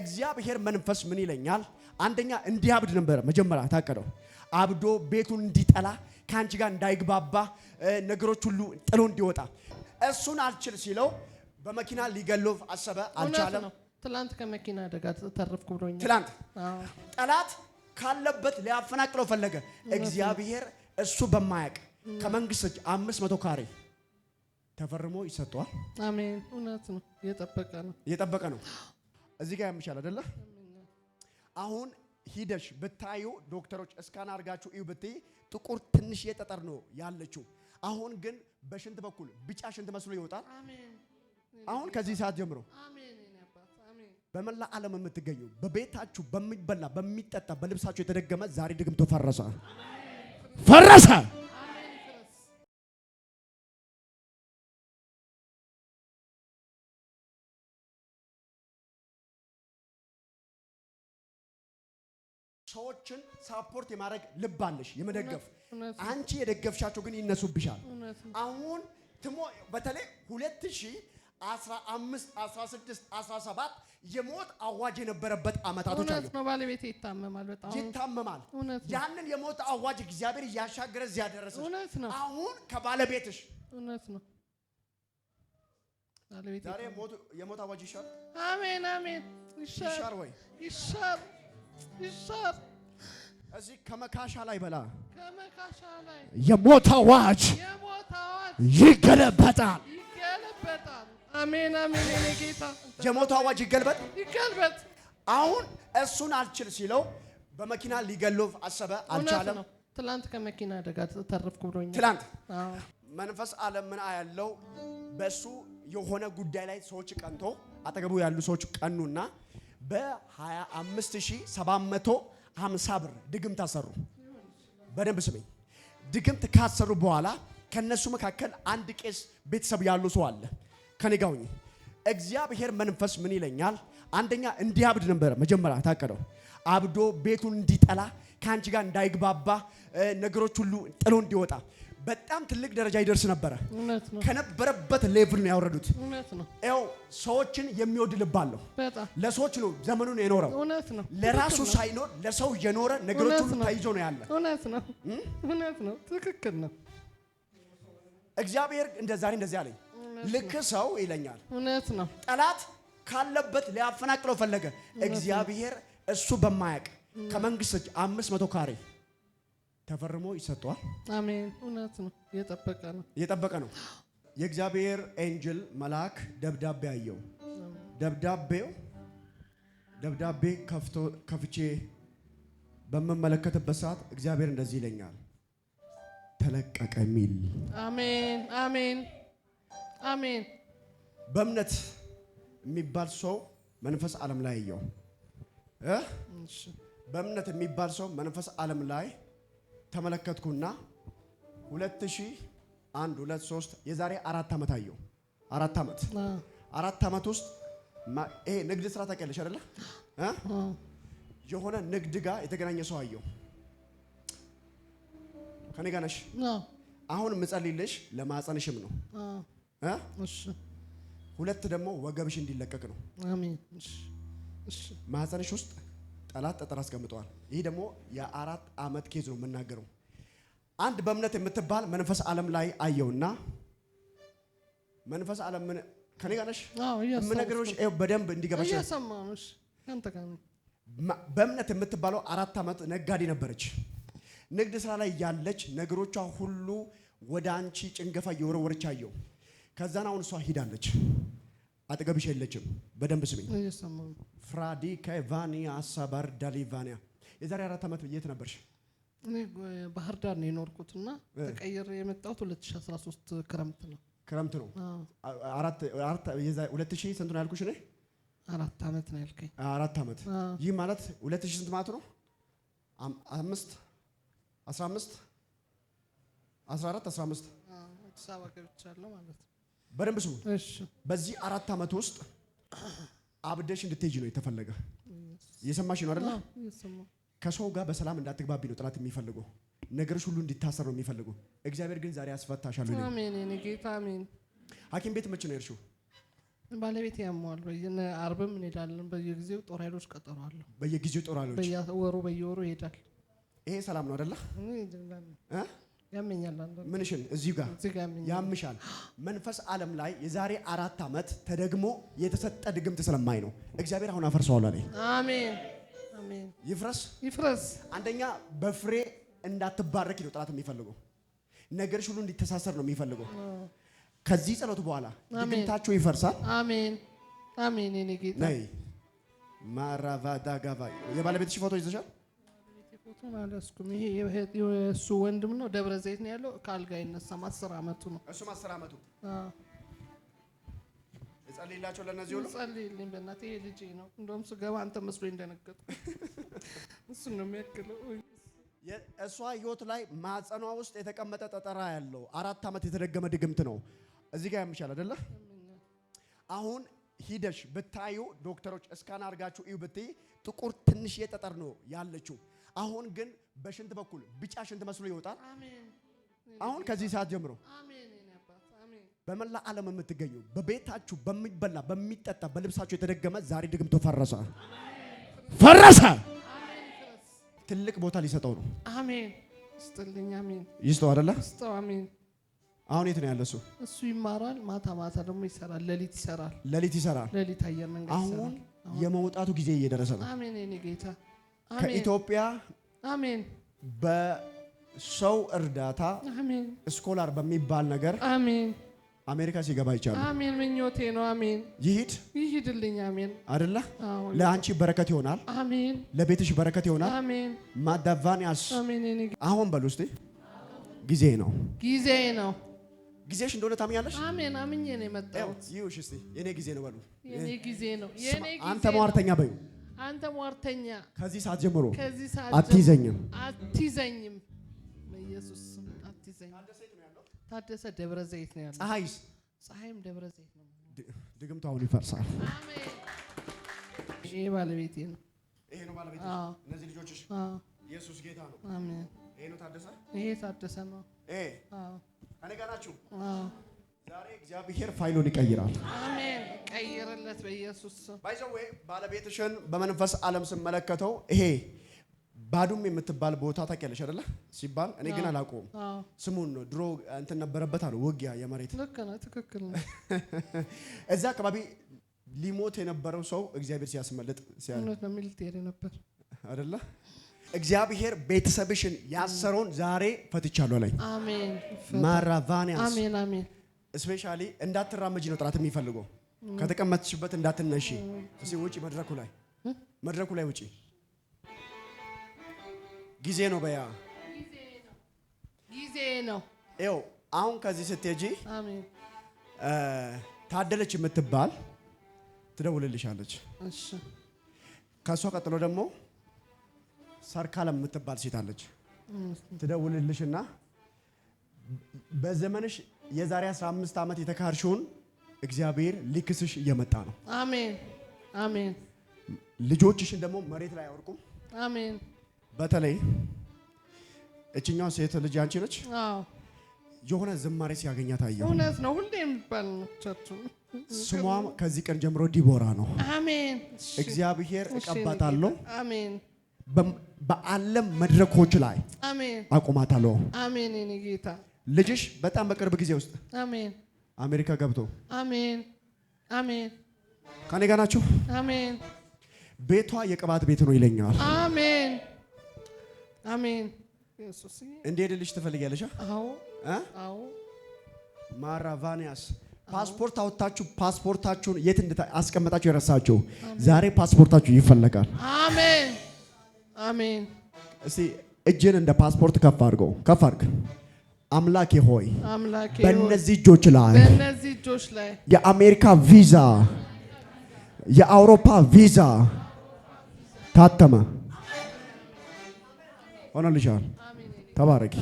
እግዚአብሔር መንፈስ ምን ይለኛል? አንደኛ እንዲያብድ ነበረ መጀመሪያ ታቀደው አብዶ ቤቱን እንዲጠላ ከአንቺ ጋር እንዳይግባባ ነገሮች ሁሉ ጥሎ እንዲወጣ እሱን አልችል ሲለው በመኪና ሊገሎፍ አሰበ። አልቻለም። ትላንት ከመኪና አደጋ ተረፍኩ ብሎኛል። ትላንት ጠላት ካለበት ሊያፈናቅለው ፈለገ። እግዚአብሔር እሱ በማያቅ ከመንግስት እጅ አምስት መቶ ካሬ ተፈርሞ ይሰጠዋል። አሜን። እውነት ነው። እየጠበቀ ነው። እየጠበቀ ነው። እዚህ ጋር ያምሻል አደለ? አሁን ሂደሽ ብታዩ ዶክተሮች እስካን አድርጋችሁ እዩ ብትይ ጥቁር ትንሽ የጠጠር ነው ያለችው። አሁን ግን በሽንት በኩል ቢጫ ሽንት መስሎ ይወጣል። አሁን ከዚህ ሰዓት ጀምሮ በመላ ዓለም የምትገኙ በቤታችሁ በሚበላ በሚጠጣ በልብሳችሁ የተደገመ ዛሬ ድግምቶ ፈረሰ፣ ፈረሰ። ሰዎችን ሳፖርት የማድረግ ልብ አለሽ፣ የመደገፍ አንቺ የደገፍሻቸው ግን ይነሱብሻል። አሁን ትሞ በተለይ 2015 16 17 የሞት አዋጅ የነበረበት አመታቶች አሉ። ባለቤቴ ይታመማል፣ በጣም ይታመማል። ያንን የሞት አዋጅ እግዚአብሔር እያሻገረ እዚያ አሁን ከባለቤትሽ እውነት ነው። ዛሬ የሞት አዋጅ ይሻል። አሜን አሜን። ይሻል ወይ ይሻል ይሻር እዚህ ከመካሻ ላይ በላ የሞት አዋጅ ይገለበጣል። አሜን አሜን። እኔ ጌታ የሞት አዋጅ ይገልበጥ ይገልበጥ። አሁን እሱን አልችል ሲለው በመኪና ሊገለው አሰበ፣ አልቻለም። ትላንት ከመኪና አደጋ ተረፍኩ ብሎኛል። ትላንት መንፈስ ዓለም ምን ያለው በሱ የሆነ ጉዳይ ላይ ሰዎች ቀንቶ አጠገቡ ያሉ ሰዎች ቀኑና በ25750 ብር ድግምት አሰሩ። በደንብ ስሜ ድግምት ካሰሩ በኋላ ከነሱ መካከል አንድ ቄስ ቤተሰብ ያሉ ሰው አለ። ከኔ ጋር ሁኚ። እግዚአብሔር መንፈስ ምን ይለኛል? አንደኛ እንዲያብድ ነበረ መጀመሪያ ታቀደው አብዶ ቤቱን እንዲጠላ ከአንቺ ጋር እንዳይግባባ ነገሮች ሁሉ ጥሎ እንዲወጣ በጣም ትልቅ ደረጃ ይደርስ ነበረ። ከነበረበት ሌቭል ነው ያወረዱት። ያው ሰዎችን የሚወድ ልብ አለው። ለሰዎች ነው ዘመኑን የኖረው። ለራሱ ሳይኖር ለሰው የኖረ ነገሮች ሁሉ ተይዞ ነው ያለ። እውነት ነው፣ ትክክል ነው። እግዚአብሔር እንደ እንደዚህ አለኝ፣ ልክ ሰው ይለኛል። እውነት ነው። ጠላት ካለበት ሊያፈናቅለው ፈለገ። እግዚአብሔር እሱ በማያቅ ከመንግስት እጅ አምስት መቶ ካሬ ተፈርሞ ይሰጠዋል። አሜን። እውነት ነው። እየጠበቀ ነው፣ እየጠበቀ ነው። የእግዚአብሔር ኤንጅል መልአክ ደብዳቤ አየው። ደብዳቤው ደብዳቤ ከፍቼ በምመለከትበት ሰዓት እግዚአብሔር እንደዚህ ይለኛል፣ ተለቀቀ ሚል አሜን፣ አሜን፣ አሜን። በእምነት የሚባል ሰው መንፈስ ዓለም ላይ አየው። በእምነት የሚባል ሰው መንፈስ ዓለም ላይ ተመለከትኩና 2001 2003 የዛሬ አራት ዓመት አየው አራት ዓመት አራት ዓመት ውስጥ ይሄ ንግድ ስራ ታውቂያለሽ አይደለ? የሆነ ንግድ ጋር የተገናኘ ሰው አየሁ። ከኔ ጋር ነሽ አሁን ምጸልይልሽ ለማጸንሽም ነው። ሁለት ደግሞ ወገብሽ እንዲለቀቅ ነው ማጸንሽ ውስጥ ጠላት ጠጠር አስቀምጠዋል። ይህ ደግሞ የአራት ዓመት ኬዝ ነው የምናገረው። አንድ በእምነት የምትባል መንፈስ ዓለም ላይ አየውና መንፈስ ዓለም ከኔ ጋር ነሽ በደንብ እንዲገባሽ በእምነት የምትባለው አራት ዓመት ነጋዴ ነበረች። ንግድ ስራ ላይ ያለች ነገሮቿ ሁሉ ወደ አንቺ ጭንገፋ እየወረወረች አየው። ከዛን አሁን እሷ ሂዳለች። አጠገብሽ የለችም። በደንብ ስሚ። ፍራዲ ከቫኒያ አሳባር ዳሊቫኒያ የዛሬ አራት ዓመት የት ነበርሽ? እኔ ባህር ዳር ነው የኖርኩት እና ተቀይሬ የመጣሁት 2013 ክረምት ነው። ክረምት ነው። ሁለት ሺህ ስንት ነው ያልኩሽ? እኔ አራት ዓመት ነው ያልከኝ። አራት ዓመት ይህ ማለት ሁለት ሺህ ስንት ማለት ነው? አምስት አስራ አምስት አስራ አራት አስራ አምስት አዲስ አበባ ገብቻለሁ ማለት ነው። በደንብ ስሙ። በዚህ አራት ዓመት ውስጥ አብደሽ እንድትሄጂ ነው የተፈለገ። እየሰማሽ ነው አይደለ? ከሰው ጋር በሰላም እንዳትግባቢ ነው ጥላት የሚፈልገው። ነገሮች ሁሉ እንዲታሰር ነው የሚፈልገው። እግዚአብሔር ግን ዛሬ ያስፈታሻል። ሐኪም ቤት መቼ ነው የሄድሽው? ባለቤት ያመዋል። አርብም እንሄዳለን። በየጊዜው ጦር ኃይሎች ቀጠሯለሁ። በየጊዜው ጦር ኃይሎች በየወሩ በየወሩ ይሄዳል። ይሄ ሰላም ነው አይደለ? ምንሽን እዚሁ ጋር ያምሻል። መንፈስ ዓለም ላይ የዛሬ አራት ዓመት ተደግሞ የተሰጠ ድግምት ስለማይ ነው እግዚአብሔር አሁን አፈርሰዋል አለኝ። አሜን አሜን። ይፍረስ ይፍረስ። አንደኛ በፍሬ እንዳትባረክ ነው ጥላት የሚፈልገው ነገርሽ ሁሉ እንዲተሳሰር ነው የሚፈልገው። ከዚህ ጸሎት በኋላ ድግምታቸው ይፈርሳል። አሜን አሜን። የኔ ጌታ ነይ ማራቫዳ ጋቫ የባለቤትሽ ፎቶ ይዘሻል። አላስኩም። ይሄ የእሱ ወንድም ነው፣ ደብረ ዘይት ነው ያለው። ከአልጋ አይነሳም። አስር አመቱ ነው። እሱም አስር አመቱ ለእነዚህ ሁሉ በእናትህ ይሄ ነው። እንደውም ስገባ አንተ እሱ ነው የሚያክለው። እሷ ህይወት ላይ ማጸኗ ውስጥ የተቀመጠ ጠጠራ ያለው አራት ዓመት የተደገመ ድግምት ነው። እዚህ ጋር ያምሻል አይደለ? አሁን ሂደሽ ብታዩ ዶክተሮች እስካን አድርጋችሁ እዩ ብትይ ጥቁር ትንሽ የጠጠር ነው ያለችው። አሁን ግን በሽንት በኩል ቢጫ ሽንት መስሎ ይወጣል። አሁን ከዚህ ሰዓት ጀምሮ በመላ ዓለም የምትገኙ በቤታችሁ በሚበላ በሚጠጣ በልብሳችሁ የተደገመ ዛሬ ድግምቶ ፈረሰ፣ ፈረሰ። ትልቅ ቦታ ሊሰጠው ነው። አሜን። ይስጥልኝ። አሜን። ይስጠው አይደለ? ይስጠው። አሜን። አሁን የት ነው ያለ? እሱ እሱ ይማራል። ማታ ማታ ደግሞ ይሰራል። ሌሊት ይሰራል። ሌሊት ይሰራል። ሌሊት አየር መንገድ ይሰራል። አሁን የመውጣቱ ጊዜ እየደረሰ ነው። አሜን። የኔ ጌታ ከኢትዮጵያ አሜን በሰው እርዳታ አሜን ስኮላር በሚባል ነገር አሜን አሜሪካ ሲገባ ይቻላል። አሜን ምኞቴ ነው። አሜን ይሂድ ይሂድልኝ። አሜን አይደለ? ለአንቺ በረከት ይሆናል። አሜን ለቤትሽ በረከት ይሆናል። አሜን ማዳቫን ማዳቫንያስ አሁን በሉ እስቲ ጊዜ ነው፣ ጊዜ ነው፣ ጊዜሽ እንደሆነ ታምኛለሽ። አሜን አምኜ ነው የመጣሁት። ይሁሽ እስቲ የኔ ጊዜ ነው በሉ። የኔ ጊዜ ነው። ጊዜ አንተ ማርተኛ በዩ አንተ ሟርተኛ ከዚህ ሰዓት ጀምሮ ከዚህ ሰዓት አትይዘኝም፣ አትይዘኝም በኢየሱስ ስም አትይዘኝም። ታደሰ ደብረ ዘይት ነው ያለው። ፀሐይስ? ፀሐይም ደብረ ዘይት ነው። ድግምቱ አሁን ይፈርሳል። አሜን። ይሄ ባለቤቴ ነው። ይሄ ነው ባለቤቴ። እነዚህ ልጆችሽ። ኢየሱስ ጌታ ነው። አሜን። ይሄ ነው ታደሰ። ይሄ ታደሰ ነው። ይሄ ከእኔ ጋር ናችሁ። ዛሬ እግዚአብሔር ፋይሉን ይቀይራል። አሜን። ቀይርለት በኢየሱስ ስም። ባይዘዌ ባለቤትሽን በመንፈስ ዓለም ስመለከተው ይሄ ባዱም የምትባል ቦታ ታውቂያለሽ አይደለ? ሲባል እኔ ግን አላውቀውም። ስሙን ነው ድሮ እንትን ነበረበት አለ ውጊያ የመሬት ትክክል እዛ አካባቢ ሊሞት የነበረው ሰው እግዚአብሔር ሲያስመልጥ ነበር አይደለ? እግዚአብሔር ቤተሰብሽን ያሰረውን ዛሬ ፈትቻለሁ ላይ ማራቫን ስፔሻሊ እንዳትራመጅ ነው ጥራት የሚፈልገው። ከተቀመጥሽበት እንዳትነሺ። እሺ፣ ውጪ መድረኩ ላይ መድረኩ ላይ ውጪ። ጊዜ ነው በያ ጊዜ ነው። ይኸው አሁን ከዚህ ስትሄጂ ታደለች የምትባል ትደውልልሻለች። ከእሷ ቀጥሎ ደግሞ ሰርካለም የምትባል ሴት አለች። ትደውልልሽና በዘመንሽ የዛሬ 15 ዓመት የተካርሽውን እግዚአብሔር ሊክስሽ እየመጣ ነው። አሜን አሜን። ልጆችሽን ደግሞ መሬት ላይ አውርቁም። አሜን። በተለይ እችኛው ሴት ልጅ አንቺ ነች። አዎ። የሆነ ዝማሬ ሲያገኛት አየሁ። እውነት ነው። ሁሌ የሚባል ነው። ስሟ ከዚህ ቀን ጀምሮ ዲቦራ ነው። አሜን። እግዚአብሔር እቀባታለሁ። አሜን። በዓለም መድረኮች ላይ አሜን፣ አቁማታለሁ። አሜን። እኔ ጌታ ልጅሽ በጣም በቅርብ ጊዜ ውስጥ አሜን፣ አሜሪካ ገብቶ አሜን፣ አሜን። ከኔ ጋር ናችሁ? አሜን። ቤቷ የቅባት ቤት ነው ይለኛል። አሜን፣ አሜን። እንዲሄድልሽ ትፈልጊያለሽ? አዎ፣ አዎ። ማራቫኒያስ ፓስፖርት አወጣችሁ። ፓስፖርታችሁን የት አስቀመጣችሁ? የረሳችሁ። ዛሬ ፓስፖርታችሁ ይፈለጋል። አሜን፣ አሜን። እስቲ እጅን እንደ ፓስፖርት ከፍ አድርገው፣ ከፍ አድርግ አምላኬ ሆይ በእነዚህ እጆች ላይ የአሜሪካ ቪዛ የአውሮፓ ቪዛ ታተመ ሆነልሻል። ተባረኪ።